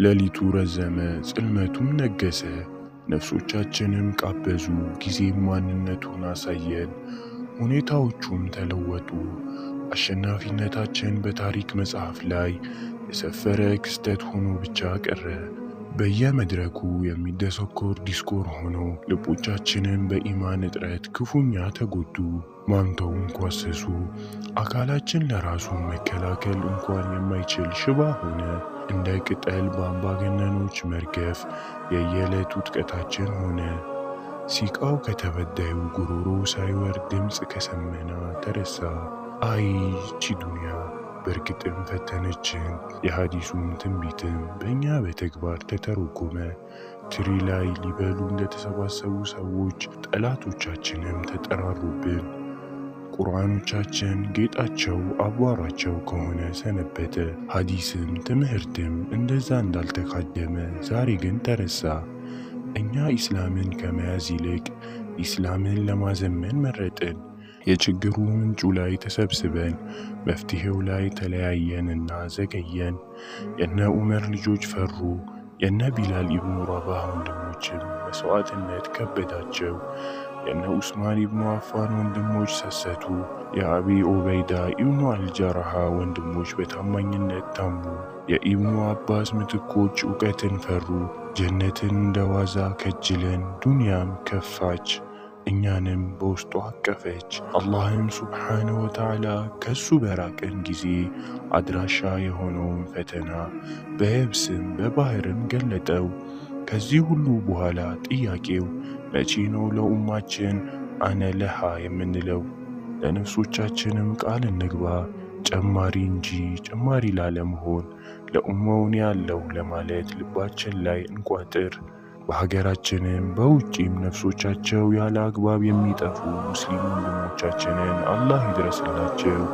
ሌሊቱ ረዘመ፣ ጽልመቱም ነገሰ። ነፍሶቻችንም ቃበዙ፣ ጊዜም ማንነቱን አሳየን፣ ሁኔታዎቹም ተለወጡ። አሸናፊነታችን በታሪክ መጽሐፍ ላይ የሰፈረ ክስተት ሆኖ ብቻ ቀረ። በየመድረኩ የሚደሰኮር ዲስኮር ሆኖ ልቦቻችንን በኢማን እጥረት ክፉኛ ተጎዱ። ማምተውን ኳሰሱ። አካላችን ለራሱ መከላከል እንኳን የማይችል ሽባ ሆነ። እንደ ቅጠል በአምባገነኖች መርገፍ የየዕለት ውጥቀታችን ሆነ። ሲቃው ከተበዳዩ ጉሮሮ ሳይወርድ ድምፅ ከሰመና ተረሳ። አይ ቺ ዱንያ በእርግጥም ፈተነችን። የሐዲሱም ትንቢትም በእኛ በተግባር ተተረጎመ። ትሪ ላይ ሊበሉ እንደተሰባሰቡ ሰዎች ጠላቶቻችንም ተጠራሩብን። ቁርአኖቻችን ጌጣቸው አቧራቸው ከሆነ ሰነበተ። ሐዲስም ትምህርትም እንደዛ እንዳልተካደመ ዛሬ ግን ተረሳ። እኛ ኢስላምን ከመያዝ ይልቅ ኢስላምን ለማዘመን መረጥን። የችግሩ ምንጩ ላይ ተሰብስበን መፍትሔው ላይ ተለያየንና ዘገየን። የነ ዑመር ልጆች ፈሩ። የነ ቢላል ኢብኑ ረባህ ወንድሞችም መስዋዕትነት ከበዳቸው። የነ ዑስማን ኢብኑ አፋን ወንድሞች ሰሰቱ። የአቢ ኦበይዳ ኢብኑ አልጀራሃ ወንድሞች በታማኝነት ታሙ። የኢብኑ አባስ ምትኮች እውቀትን ፈሩ። ጀነትን እንደ ዋዛ ከጅለን ዱንያም ከፋች፣ እኛንም በውስጡ አቀፈች። አላህም ሱብሓነ ወተዓላ ከሱ በራቀን ጊዜ አድራሻ የሆነውን ፈተና በየብስም በባህርም ገለጠው። ከዚህ ሁሉ በኋላ ጥያቄው መቼ ነው ለኡማችን አነ ለሃ የምንለው? ለነፍሶቻችንም ቃል እንግባ ጨማሪ እንጂ ጨማሪ ላለመሆን ለኡማውን ያለው ለማለት ልባችን ላይ እንቋጥር። በሀገራችንም በውጪም ነፍሶቻቸው ያለ አግባብ የሚጠፉ ሙስሊም ወንድሞቻችንን አላህ ይድረስላቸው።